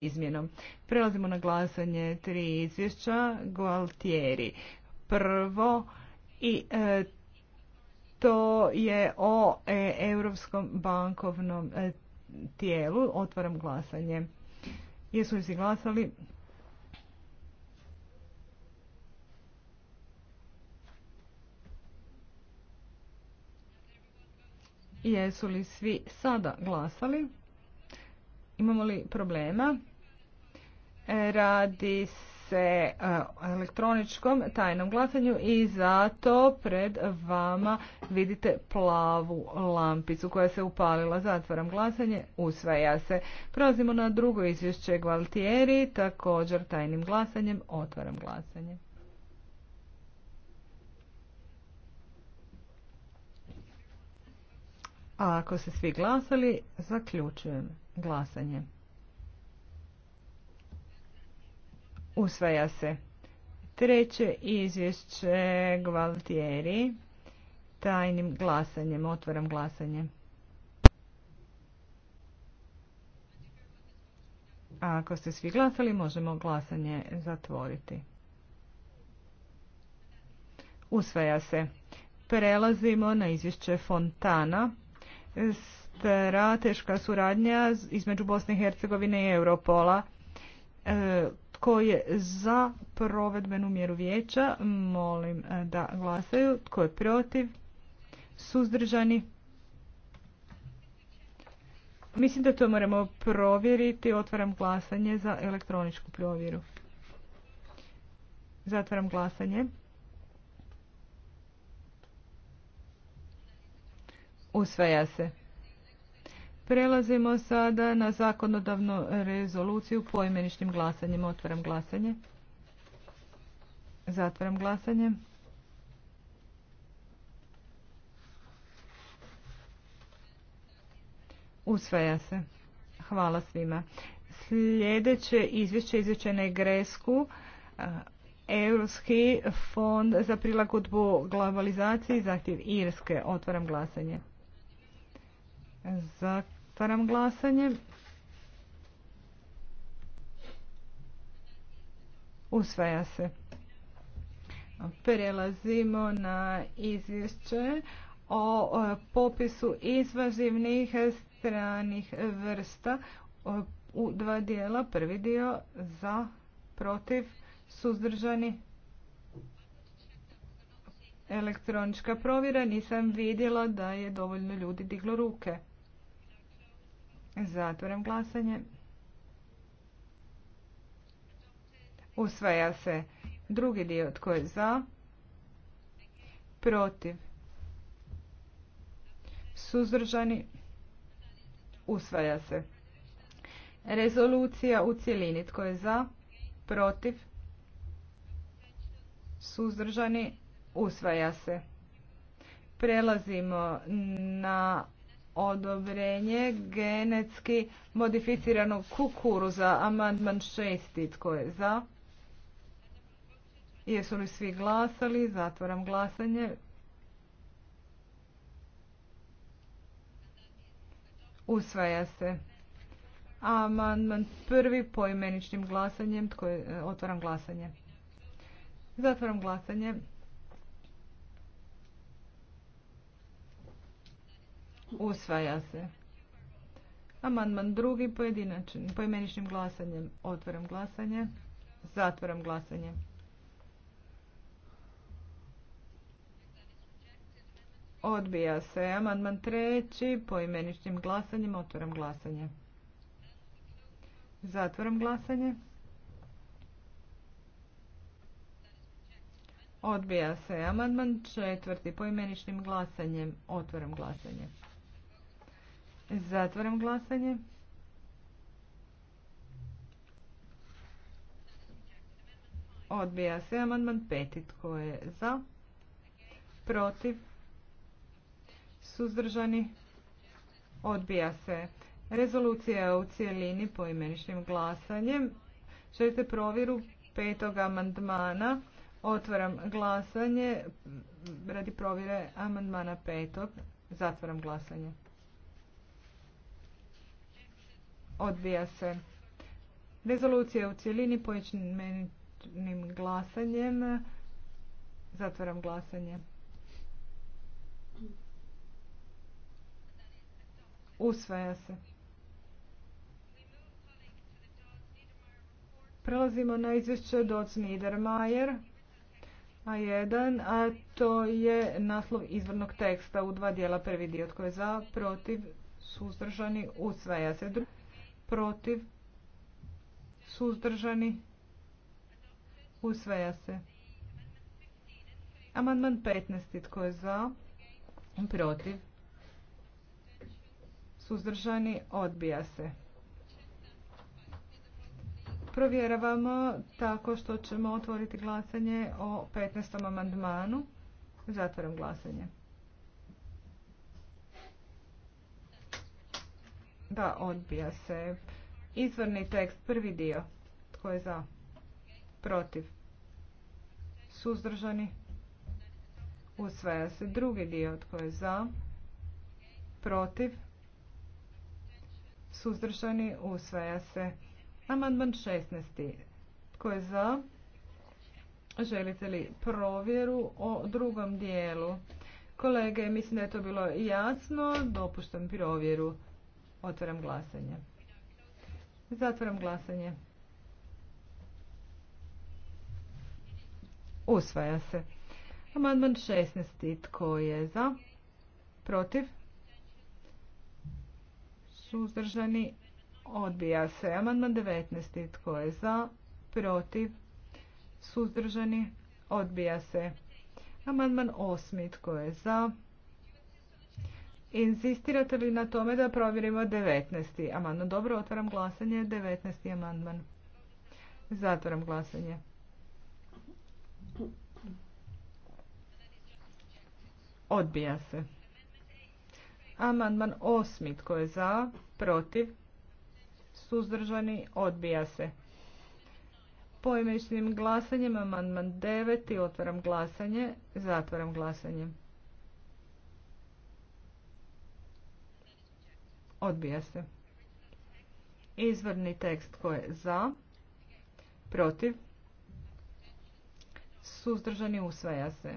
izmjenom. Prelazimo na glasanje tri izvješća Gualtieri. Prvo i e, to je o e, Europskom bankovnom e, tijelu. Otvaram glasanje. Jesu li si glasali? Jesu li svi sada glasali? Imamo li problema? Radi se e, elektroničkom tajnom glasanju i zato pred vama vidite plavu lampicu koja se upalila. Zatvaram glasanje, usvaja se. Prelazimo na drugo izvješće Gvaltieri, također tajnim glasanjem. Otvaram glasanje. A ako se svi glasali, zaključujem glasanje. Usvaja se. Treće izvješće Gvaltieri. Tajnim glasanjem. Otvaram glasanje. A ako ste svi glasali, možemo glasanje zatvoriti. Usvaja se. Prelazimo na izvješće Fontana. Strateška suradnja između Bosne i Hercegovine i Europola. E, tko je za provedbenu mjeru vijeća? Molim e, da glasaju. Tko je protiv? Suzdržani? Mislim da to moramo provjeriti. Otvaram glasanje za elektroničku provjeru. Zatvaram glasanje. Usvaja se. Prelazimo sada na zakonodavnu rezoluciju poimeničnim glasanjem. Otvaram glasanje. Zatvaram glasanje. Usvaja se. Hvala svima. Sljedeće izvješće izvješće igresku. Europski fond za prilagodbu globalizaciji, zahtjev Irske. Otvaram glasanje. Za Otvaram glasanje. Usvaja se. Prelazimo na izvješće o popisu izvazivnih stranih vrsta u dva dijela. Prvi dio za, protiv, suzdržani. Elektronička provjera. Nisam vidjela da je dovoljno ljudi diglo ruke. Zatvoram glasanje. Usvaja se drugi dio tko je za, protiv, suzdržani, usvaja se. Rezolucija u cjelini tko je za, protiv, suzdržani, usvaja se. Prelazimo na odobrenje genetski modificiranog kukuruza. Amandman šesti. Tko je za? Jesu li svi glasali? Zatvoram glasanje. Usvaja se. Amandman prvi poimeničnim glasanjem. Tko je, e, otvaram glasanje. Zatvaram glasanje. Usvaja se. Amandman drugi pojedinačen. poimeničnim glasanjem. Otvaram glasanje. Zatvaram glasanje. Odbija se. Amandman treći poimeničnim glasanjem. Otvaram glasanje. Zatvaram glasanje. Odbija se. Amandman četvrti poimeničnim glasanjem. Otvaram glasanje. Zatvaram glasanje. Odbija se amandman Petit Tko je za? Protiv? Suzdržani? Odbija se. Rezolucija u cijelini po imeničnim glasanjem. Želite provjeru petog amandmana. Otvaram glasanje radi provjere amandmana petog. Zatvaram glasanje. Odbija se. Rezolucija u cjelini pojedinim glasanjem. Zatvaram glasanje. Usvaja se. Prelazimo na izvješće Doc Niedermayer. A1, a to je naslov izvornog teksta u dva dijela. Prvi dio tko je za, protiv, suzdržani, usvaja se protiv, suzdržani, usvaja se. Amandman 15. Tko je za? Protiv. Suzdržani odbija se. Provjeravamo tako što ćemo otvoriti glasanje o 15. amandmanu. Zatvaram glasanje. Da, odbija se. Izvorni tekst, prvi dio. Tko je za? Protiv. Suzdržani. Usvaja se drugi dio. Tko je za? Protiv. Suzdržani. Usvaja se. Amandman 16. Tko je za? Želite li provjeru o drugom dijelu? Kolege, mislim da je to bilo jasno. Dopuštam provjeru. Otvaram glasanje. Zatvaram glasanje. Usvaja se. Amandman 16. Tko je za? Protiv? Suzdržani? Odbija se. Amandman 19. Tko je za? Protiv? Suzdržani? Odbija se. Amandman 8. Tko je za? Inzistirate li na tome da provjerimo 19. amandman? Dobro, otvaram glasanje. 19. amandman. Zatvaram glasanje. Odbija se. Amandman 8. Tko je za? Protiv? Suzdržani? Odbija se. Poimeničnim glasanjem amandman 9. Otvaram glasanje. Zatvaram glasanje. Odbija se. Izvorni tekst tko je za? Protiv? Suzdržani usvaja se.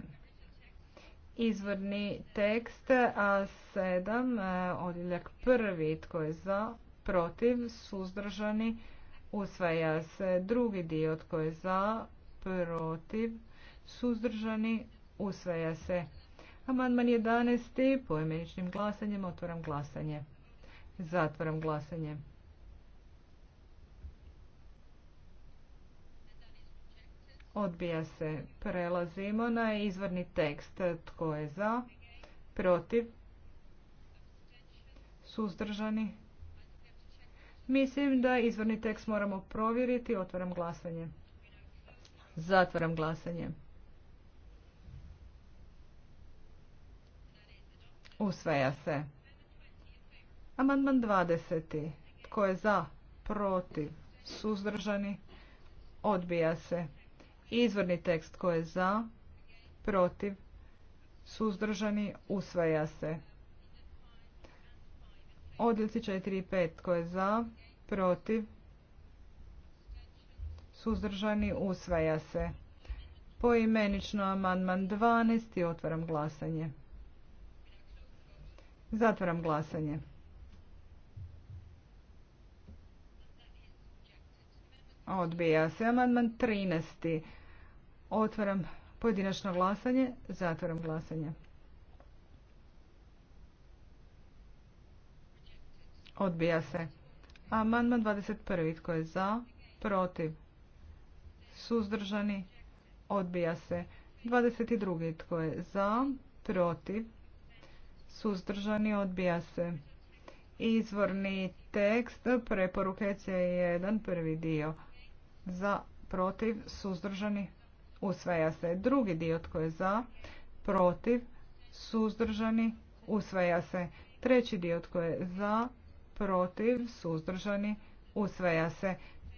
Izvorni tekst A7, e, odjeljak prvi, tko je za, protiv, suzdržani, usvaja se. Drugi dio, tko je za, protiv, suzdržani, usvaja se. Amandman 11. Poimeničnim glasanjem otvoram glasanje. Zatvaram glasanje. Odbija se. Prelazimo na izvorni tekst. Tko je za? Protiv? Suzdržani? Mislim da izvorni tekst moramo provjeriti. Otvaram glasanje. Zatvaram glasanje. Usvaja se. Amandman 20. Tko je za? Protiv? Suzdržani? Odbija se. Izvorni tekst tko je za? Protiv? Suzdržani? Usvaja se. Odljuci 4 i Tko je za? Protiv? Suzdržani? Usvaja se. Poimenično amandman 12. Otvaram glasanje. Zatvaram glasanje. Odbija se. Amandman 13. Otvaram pojedinačno glasanje. Zatvaram glasanje. Odbija se. Amandman 21. Tko je za? Protiv? Suzdržani? Odbija se. 22. Tko je za? Protiv? Suzdržani? Odbija se. Izvorni tekst preporuke C1. Prvi dio za, protiv, suzdržani, usvaja se. Drugi dio tko je za, protiv, suzdržani, usvaja se. Treći dio tko je za, protiv, suzdržani, usvaja se.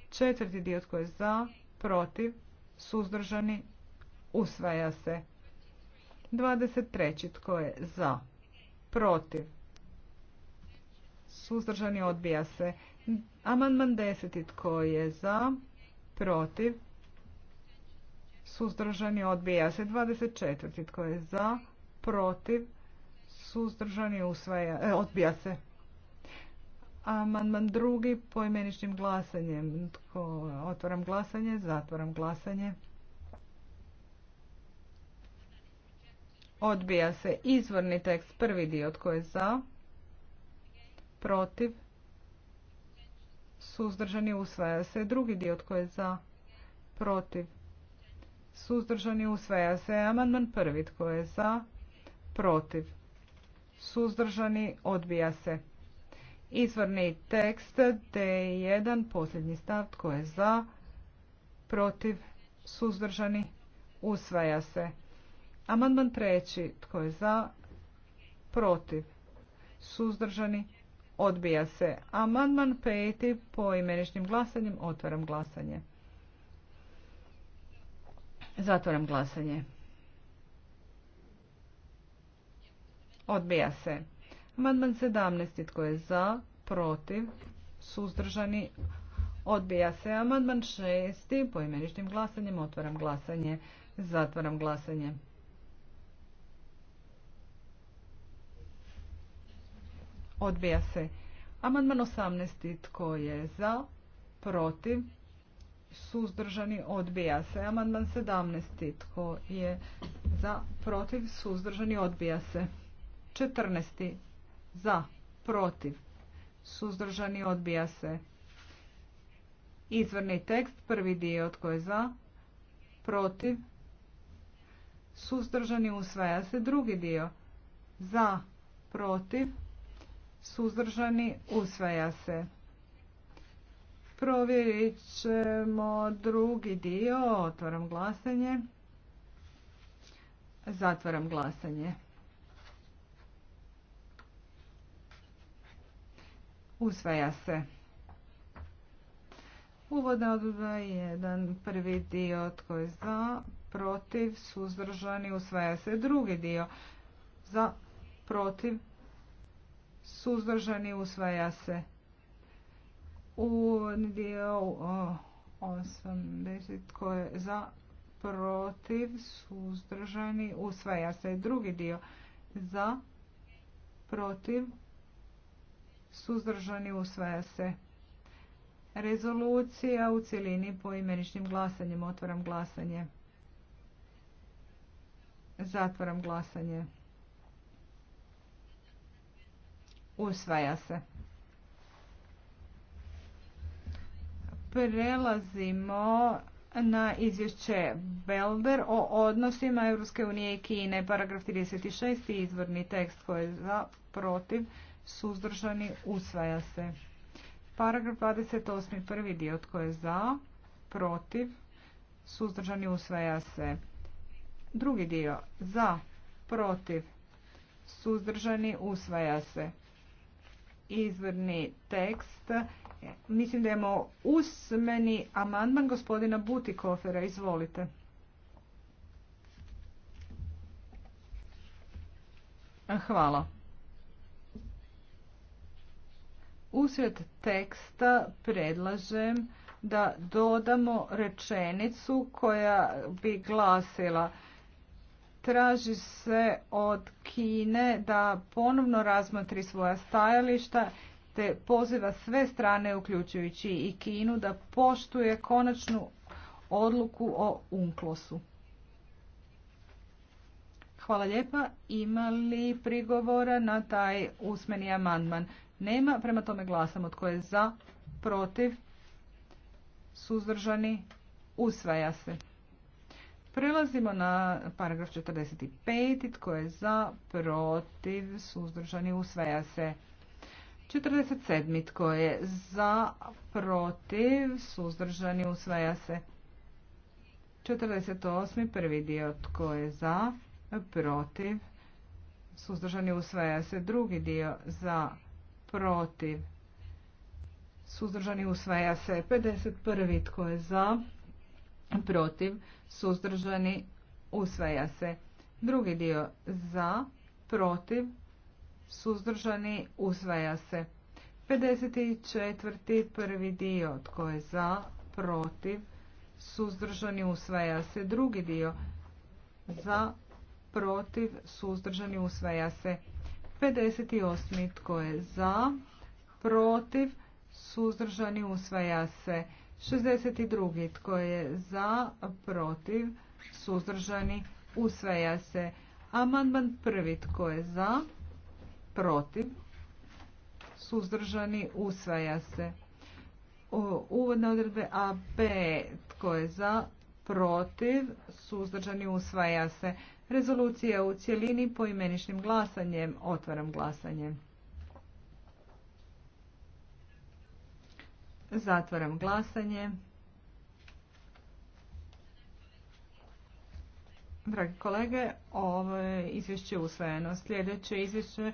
Četvrti dio tko je za, protiv, suzdržani, usvaja se. 23. tko je za, protiv, suzdržani, odbija se. Amandman 10. tko je za, protiv, suzdržani odbija se 24. Tko je za, protiv, suzdržani usvaja, e, odbija se. Amandman drugi poimeničnim glasanjem. Otvoram otvaram glasanje, zatvaram glasanje. Odbija se izvorni tekst prvi dio tko je za, protiv, suzdržani usvaja se. Drugi dio tko je za, protiv, suzdržani usvaja se. Amandman prvi tko je za, protiv, suzdržani odbija se. Izvorni tekst D1, posljednji stav tko je za, protiv, suzdržani usvaja se. Amandman treći tko je za, protiv, suzdržani Odbija se. Amandman peti po imeničnim glasanjem. Otvaram glasanje. Zatvaram glasanje. Odbija se. Amandman 17. Tko je za? Protiv? Suzdržani? Odbija se. Amandman šesti Po imeničnim glasanjem. Otvaram glasanje. Zatvaram glasanje. Odbija se. Amandman 18. Tko je za? Protiv? Suzdržani? Odbija se. Amandman 17. Tko je za? Protiv? Suzdržani? Odbija se. 14. Za? Protiv? Suzdržani? Odbija se. Izvrni tekst, prvi dio tko je za, protiv, suzdržani usvaja se drugi dio, za, protiv, suzdržani, usvaja se. Provjerit ćemo drugi dio, otvaram glasanje, zatvaram glasanje. Usvaja se. Uvodna je jedan prvi dio tko je za, protiv, suzdržani, usvaja se drugi dio za, protiv, suzdržani usvaja se. U dio 80 koje je za protiv suzdržani usvaja se. Drugi dio za protiv suzdržani usvaja se. Rezolucija u cjelini po imeničnim glasanjem. Otvaram glasanje. Zatvaram glasanje. Usvaja se. Prelazimo na izvješće Belder o odnosima Europske unije i Kine, paragraf 36. izvorni tekst koji je za, protiv, suzdržani, usvaja se. Paragraf 28. prvi dio tko je za, protiv, suzdržani, usvaja se. Drugi dio za, protiv, suzdržani, usvaja se izvrni tekst. Mislim da imamo usmeni amandman gospodina Butikofera. Izvolite. Hvala. Usred teksta predlažem da dodamo rečenicu koja bi glasila traži se od Kine da ponovno razmotri svoja stajališta te poziva sve strane, uključujući i Kinu, da poštuje konačnu odluku o unklosu. Hvala lijepa. Ima li prigovora na taj usmeni amandman? Nema, prema tome glasam od koje je za, protiv, suzdržani, usvaja se. Prelazimo na paragraf 45. Tko je za, protiv, suzdržani, usvaja se. 47. Tko je za, protiv, suzdržani, usvaja se. 48. Prvi dio. Tko je za, protiv, suzdržani, usvaja se. Drugi dio. Za, protiv, suzdržani, usvaja se. 51. Tko je za, protiv, suzdržani, usvaja se. Drugi dio za, protiv, suzdržani, usvaja se. 54. prvi dio tko je za, protiv, suzdržani, usvaja se. Drugi dio za, protiv, suzdržani, usvaja se. 58. tko je za, protiv, suzdržani, usvaja se. 62. Tko je za, protiv, suzdržani, usvaja se. Amandman prvi. Tko je za, protiv, suzdržani, usvaja se. Uvodne odredbe A, B. Tko je za, protiv, suzdržani, usvaja se. Rezolucija u cjelini poimeničnim glasanjem. Otvaram glasanje. Zatvaram glasanje. Dragi kolege, ovo je izvješće usvojeno. Sljedeće izvješće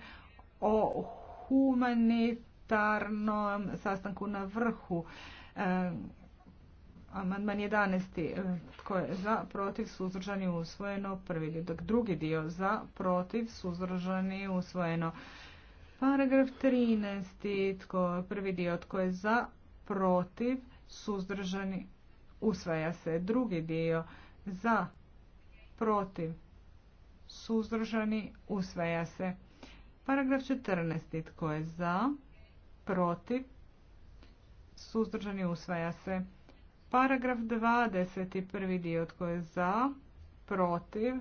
o humanitarnom sastanku na vrhu. E, amandman 11. E, tko je za, protiv, suzdržani, usvojeno. Prvi dok drugi dio za, protiv, suzdržani, usvojeno. Paragraf 13. Tko, prvi dio tko je za, protiv, suzdržani, usvaja se. Drugi dio za, protiv, suzdržani, usvaja se. Paragraf 14. Tko je za, protiv, suzdržani, usvaja se. Paragraf 20. Prvi dio tko je za, protiv,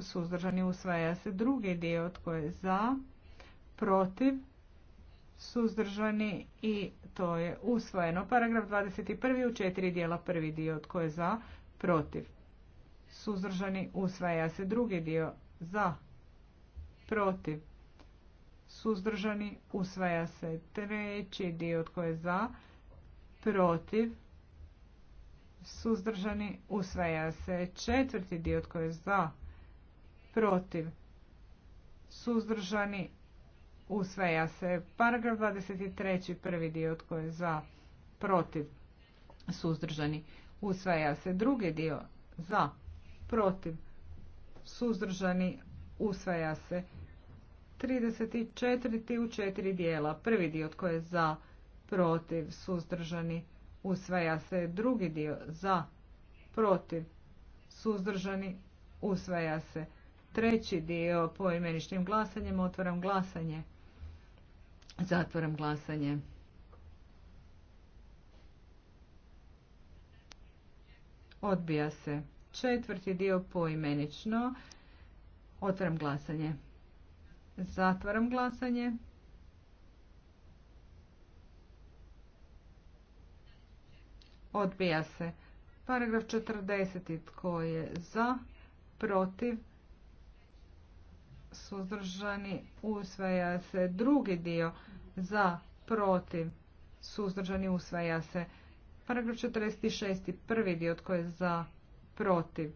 suzdržani, usvaja se. Drugi dio tko je za, protiv, suzdržani i to je usvojeno. Paragraf 21. u četiri dijela prvi dio tko je za, protiv. Suzdržani usvaja se drugi dio za, protiv. Suzdržani usvaja se treći dio od je za, protiv. Suzdržani usvaja se četvrti dio tko je za, protiv. Suzdržani Usvaja se paragraf 23. prvi dio tko je za, protiv, suzdržani. Usvaja se drugi dio za, protiv, suzdržani. Usvaja se 34. u četiri dijela. Prvi dio tko je za, protiv, suzdržani. Usvaja se drugi dio za, protiv, suzdržani. Usvaja se treći dio po imeničnim glasanjem. Otvaram glasanje. Zatvaram glasanje. Odbija se. Četvrti dio poimenično. Otvaram glasanje. Zatvaram glasanje. Odbija se. Paragraf 40. Tko je za? Protiv? suzdržani usvaja se. Drugi dio za, protiv, suzdržani usvaja se. Paragraf 46. Prvi dio tko je za, protiv,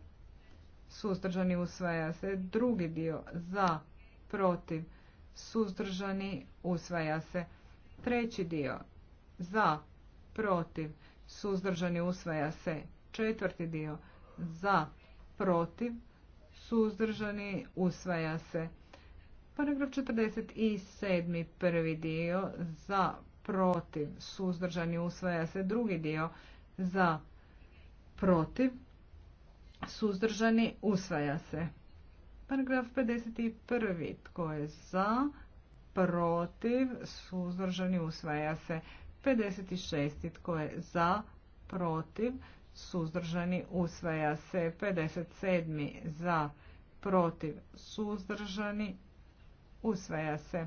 suzdržani usvaja se. Drugi dio za, protiv, suzdržani usvaja se. Treći dio za, protiv, suzdržani usvaja se. Četvrti dio za, protiv, suzdržani, usvaja se. Paragraf 47. prvi dio za protiv, suzdržani, usvaja se. Drugi dio za protiv, suzdržani, usvaja se. Paragraf 51. Tko je za, protiv, suzdržani, usvaja se. 56. Tko je za, protiv, suzdržani, usvaja se 57. za, protiv, suzdržani, usvaja se.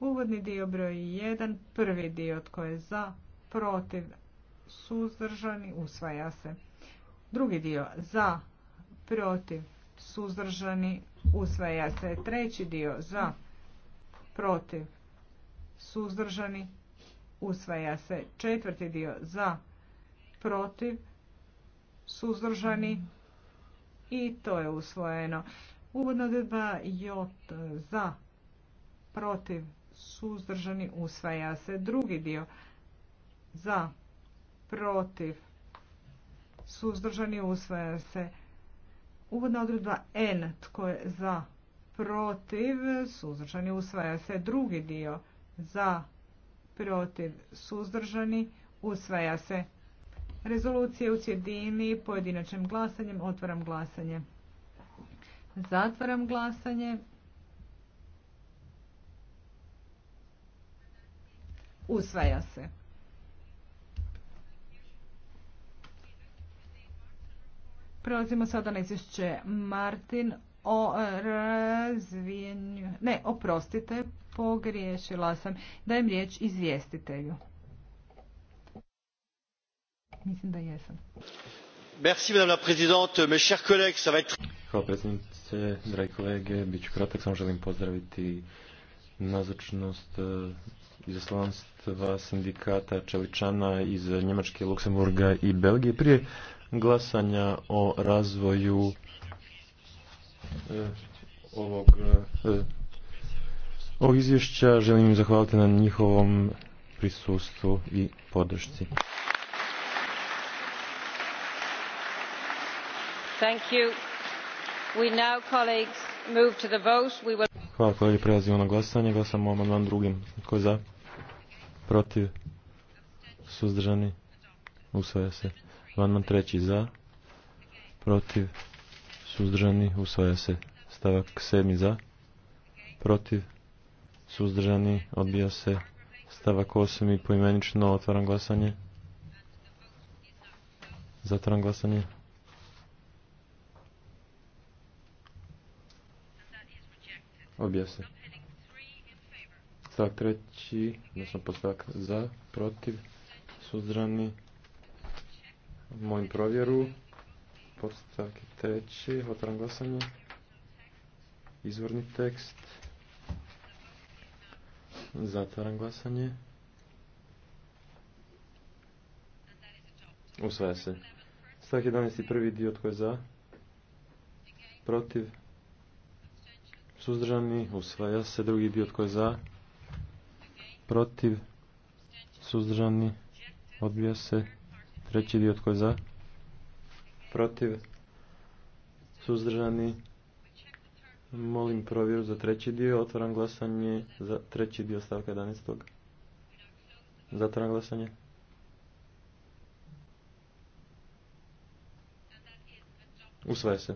Uvodni dio broj 1, prvi dio tko je za, protiv, suzdržani, usvaja se. Drugi dio za, protiv, suzdržani, usvaja se. Treći dio za, protiv, suzdržani, usvaja se. Četvrti dio za, protiv, suzdržani i to je usvojeno. Uvodna odredba J za, protiv, suzdržani, usvaja se. Drugi dio za, protiv, suzdržani, usvaja se. Uvodna odredba N, tko je za, protiv, suzdržani, usvaja se. Drugi dio za, protiv, suzdržani, usvaja se. Rezolucije u cjedini pojedinačnim glasanjem. Otvaram glasanje. Zatvaram glasanje. Usvaja se. Prelazimo sada na izvješće Martin o razvijenju... Ne, oprostite, pogriješila sam. Dajem riječ izvjestitelju. Mislim da jesam. Merci, madame la predsjednice, dragi kolege, bit ću kratak, samo želim pozdraviti nazočnost e, izaslanstva sindikata Čeličana iz Njemačke, Luksemburga i Belgije prije glasanja o razvoju e, ovog, e, ovog izvješća. Želim im zahvaliti na njihovom prisustvu i podršci. Thank you. We now, colleagues, move to the Hvala prelazimo na glasanje. Glasamo o amandman drugim. Tko je za? Protiv? Suzdržani? Usvaja se. Amandman treći za? Protiv? Suzdržani? Usvaja se. Stavak sedmi za? Protiv? Suzdržani? Odbija se. Stavak osam i poimenično otvaram glasanje. Zatvaram glasanje. objasni. se. Stavak treći, odnosno postavak za, protiv, suzdrani. Molim provjeru. Podstavak treći, otvaram glasanje. Izvorni tekst. Zatvaram glasanje. Usvaja se. Stavak 11. prvi dio tko je za? Protiv? suzdržani, usvaja se. Drugi dio tko je za, protiv, suzdržani, odbija se. Treći dio tko je za, protiv, suzdržani, molim provjeru za treći dio, otvaram glasanje za treći dio stavka 11. Zatvaram glasanje. Usvaja se.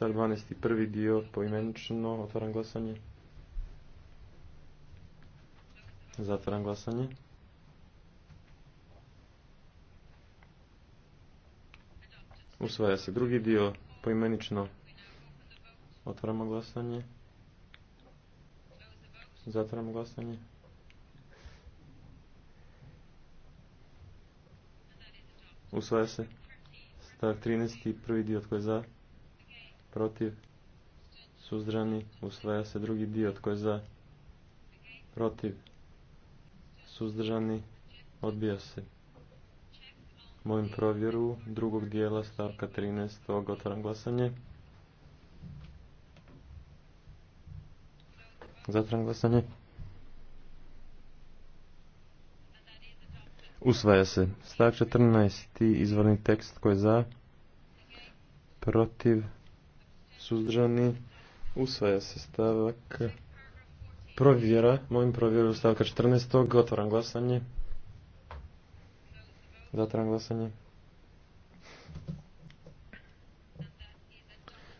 Star 12. prvi dio poimenično. Otvaram glasanje. Zatvaram glasanje. Usvaja se drugi dio poimenično. Otvaramo glasanje. Zatvaramo glasanje. Usvaja se. Stavak 13. Prvi dio tko je za protiv, suzdržani, usvaja se drugi dio, tko je za, protiv, suzdržani, odbija se. mojim provjeru drugog dijela stavka 13. Otvaram glasanje. Zatvaram glasanje. Usvaja se. Stavak 14. Izvorni tekst koji je za, protiv, suzdržani, usvaja se stavak provjera, molim provjeru stavka 14. Otvaram glasanje. Zatvaram glasanje.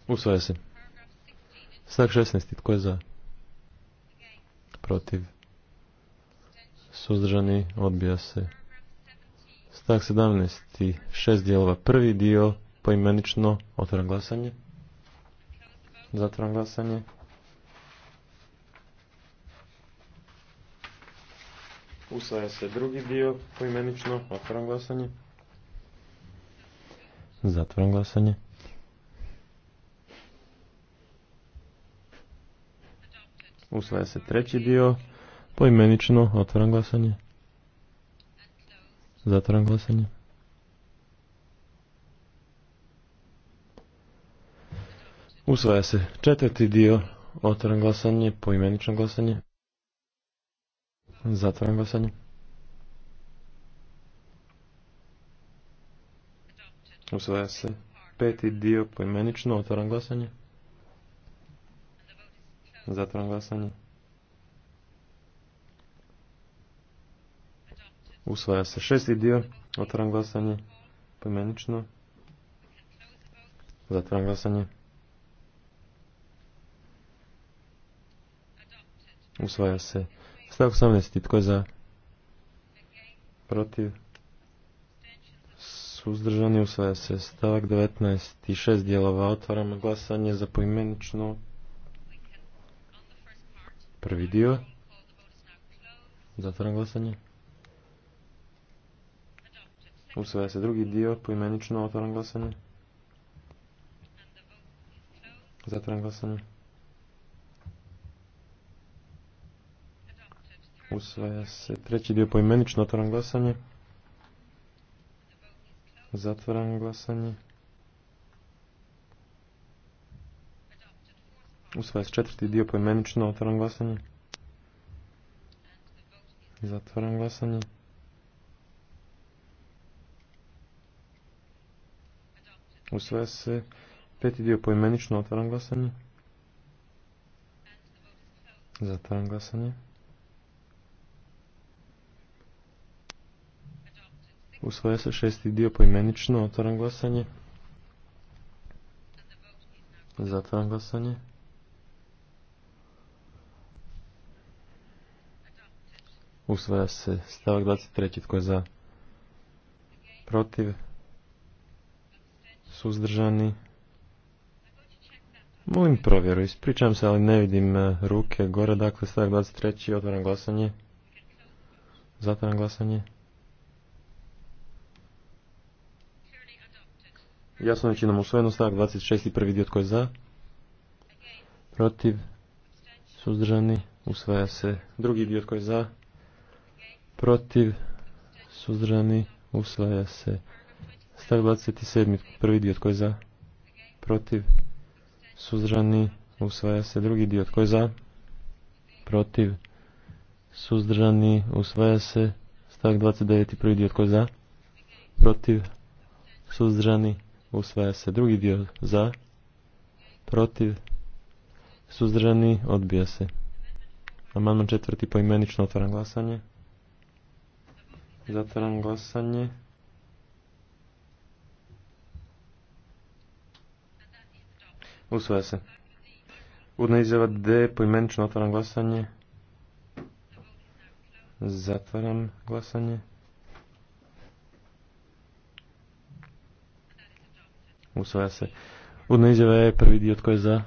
Usvaja se. Stavak 16. Tko je za? Protiv. Suzdržani odbija se. Stavak 17. Šest dijelova. Prvi dio poimenično. Otvaram glasanje. Zatvaram glasanje. Usvaja se drugi dio poimenično. Otvaram glasanje. Zatvaram glasanje. Usvaja se treći dio poimenično. Otvaram glasanje. Zatvaram glasanje. Usvaja se četvrti dio, otvoren glasanje, poimenično glasanje. Zatvoren glasanje. Usvaja se peti dio, poimenično, otvoren glasanje. Zatvoren glasanje. Usvaja se šesti dio, otvoren glasanje, poimenično. Zatvoren glasanje. Usvaja se. Stavak 18. Tko je za? Protiv? Suzdržani usvaja se. Stavak 19. I šest dijelova. Otvaramo glasanje za poimenično. Prvi dio. Zatvaram glasanje. Usvaja se drugi dio. Poimenično otvaram glasanje. Zatvaram glasanje. Usvaja se treći dio poimenično. Otvaram glasanje. Zatvaram glasanje. Usvaja se četvrti dio poimenično. Otvaram glasanje. Zatvaram glasanje. Usvaja se peti dio poimenično. Otvaram glasanje. Zatvaram glasanje. Usvaja se šesti dio poimenično. Otvaram glasanje. Zatvaram glasanje. Usvaja se stavak 23. Tko je za? Protiv? Suzdržani? Molim provjeru. Ispričavam se, ali ne vidim e, ruke gore. Dakle, stavak 23. Otvaram glasanje. Zatvaram glasanje. Jasno je činom usvojeno stavak 26. prvi dio tko je za. Protiv. Suzdržani. Usvaja se drugi dio tko je za. Protiv. Suzdržani. Usvaja se stavak 27. prvi dio tko je za. Protiv. Suzdržani. Usvaja se drugi dio tko je za. Protiv. Suzdržani. Usvaja se stavak 29. prvi dio tko je za. Protiv. Suzdržani usvaja se drugi dio za, protiv, suzdržani, odbija se. Amandman četvrti poimenično otvaram glasanje. Zatvaram glasanje. Usvaja se. Udna izjava D, poimenično otvaram glasanje. Zatvaram glasanje. Usvaja se. Udna izjava je prvi dio tko je za.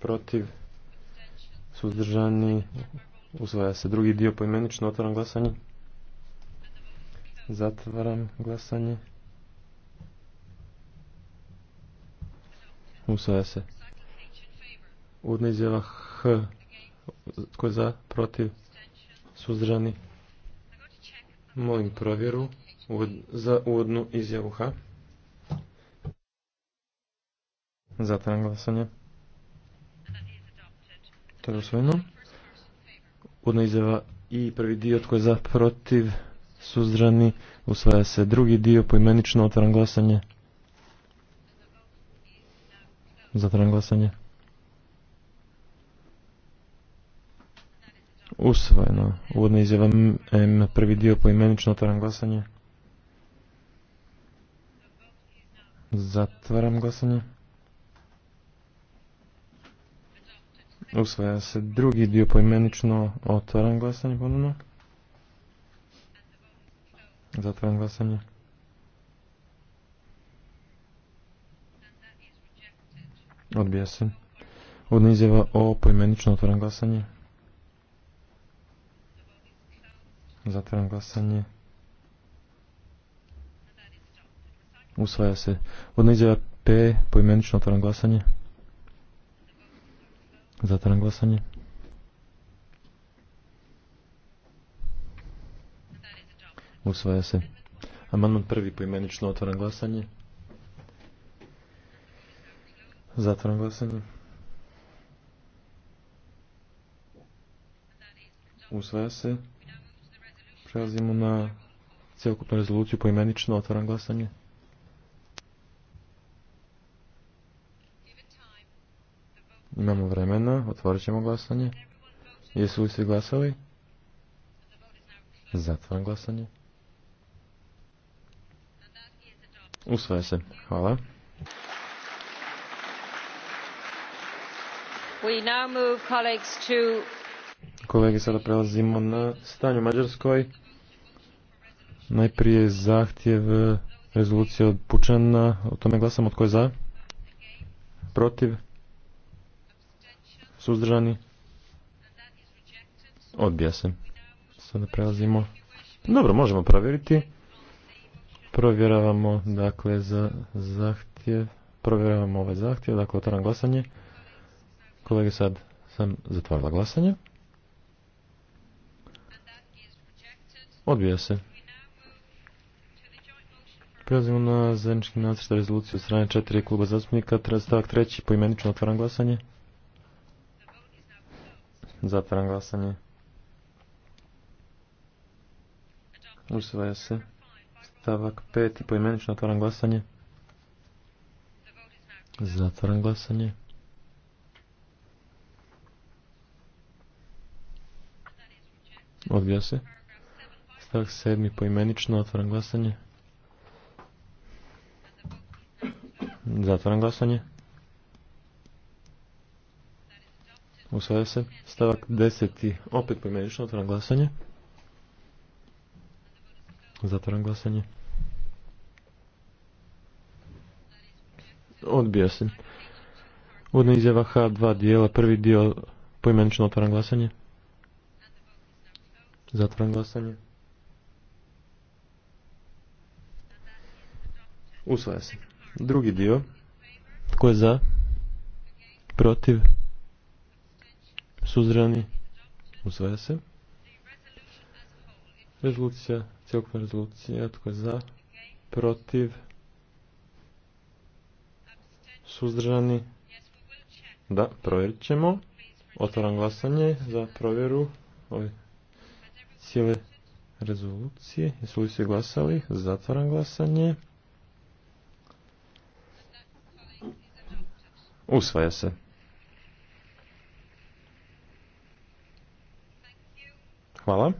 Protiv. Suzdržani. Usvaja se. Drugi dio poimenično. Otvaram glasanje. Zatvaram glasanje. Usvaja se. Udna izjava H. Tko je za? Protiv. Suzdržani. Molim provjeru za uvodnu izjavu H. Zatvaram glasanje. To je izjava i prvi dio tko je za protiv suzdrani usvaja se drugi dio poimenično otvaram glasanje. Zatvaram glasanje. Usvojeno. Uvodna izjava M, prvi dio poimenično otvaram glasanje. Zatvaram glasanje. Usvaja se drugi dio poimenično. Otvaram glasanje ponovno. Zatvaram glasanje. Odbija se. Odna izjava o poimenično otvaram glasanje. Zatvaram glasanje. Usvaja se. Odna izjava P poimenično otvaram glasanje. Zatvaram glasanje. Usvaja se. Amandman prvi poimenično otvaram glasanje. Zatvaram glasanje. Usvaja se. Prelazimo na cijelokupnu rezoluciju poimenično otvaram glasanje. Imamo vremena, otvorit ćemo glasanje. Jesu li svi glasali? Zatvaram glasanje. Usvaja se. Hvala. Kolege, sada prelazimo na stanju Mađarskoj. Najprije zahtjev rezolucije od Pučana. O tome glasamo. Od koje je za? Protiv? Suzdržani? Odbija se. Sada prelazimo. Dobro, možemo provjeriti. Provjeravamo, dakle, za zahtjev. Provjeravamo ovaj zahtjev, dakle, otvaram glasanje. Kolege, sad sam zatvorila glasanje. Odbija se. Prelazimo na zajednički nacrt rezoluciju od strane četiri kluba zastupnika. Stavak treći, poimenično otvaram glasanje. Zatvaram glasanje. Usvaja se. Stavak 5. Poimenično otvaram glasanje. Zatvaram glasanje. Odbija se. Stavak 7. Poimenično otvaram glasanje. Zatvaram glasanje. Usvaja se. Stavak deseti. Opet pojmenično otvoram glasanje. Zatvaram glasanje. Odbija se. Uvodna izjava H, 2 dijela. Prvi dio pojmenično otvoram glasanje. Zatvaram glasanje. Usvaja se. Drugi dio. Tko je za? Protiv? Suzdržani? Usvaja se. Rezolucija, cjelokupna rezolucija, tko je za? Protiv? Suzdržani? Da, provjerit ćemo. Otvaram glasanje za provjeru ove cijele rezolucije. Jesu li se glasali? Zatvaram glasanje. Usvaja se. Hvala.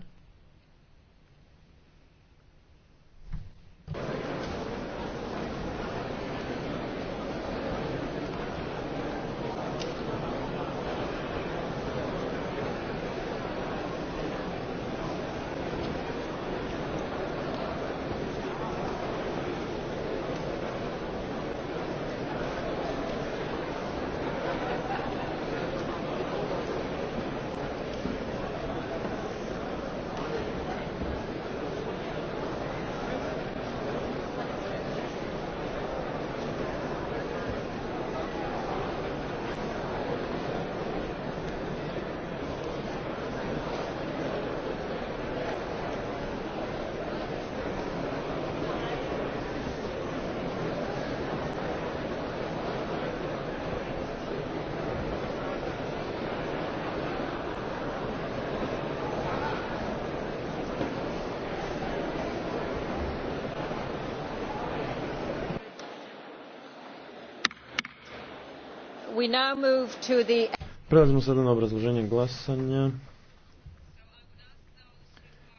Prelazimo sada na obrazloženje glasanja.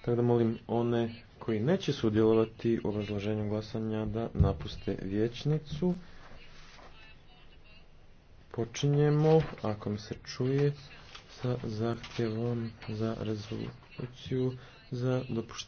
Tako da molim one koji neće sudjelovati u obrazloženju glasanja da napuste vječnicu. Počinjemo, ako mi se čuje, sa zahtjevom za rezoluciju za dopuštenje.